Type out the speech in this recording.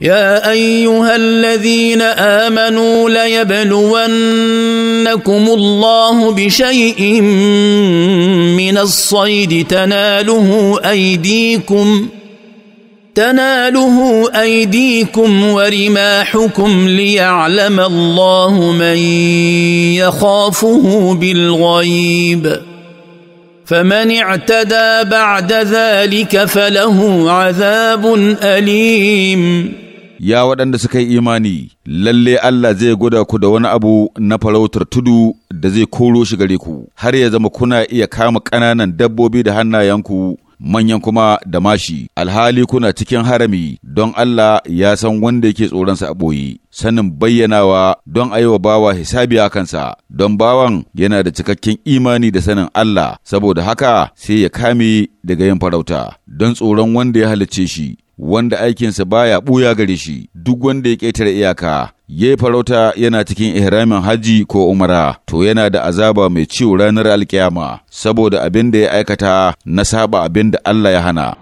يا ايها الذين امنوا ليبلونكم الله بشيء من الصيد تناله ايديكم تناله ايديكم ورماحكم ليعلم الله من يخافه بالغيب فمن اعتدى بعد ذلك فله عذاب اليم ya waɗanda suka yi imani, lalle Allah zai gwada ku da wani abu na farautar tudu da zai koro shi gare ku, har ya zama kuna iya kama ƙananan dabbobi da hannayenku manyan kuma da mashi, alhali kuna cikin harami don Allah ya san wanda yake tsoronsa a ɓoye. sanin bayyanawa don a yi bawa hisabi a kansa, don bawan yana da cikakken imani da sanin Allah, saboda haka sai ya kame daga yin farauta, don tsoron wanda ya halicce shi. wanda aikinsa baya ɓuya gare shi duk wanda ya ƙetare iyaka ya farauta yana cikin ihramin Hajji ko umara to yana da azaba mai ciwo ranar alkiyama saboda abin da ya aikata na saba abin da Allah ya hana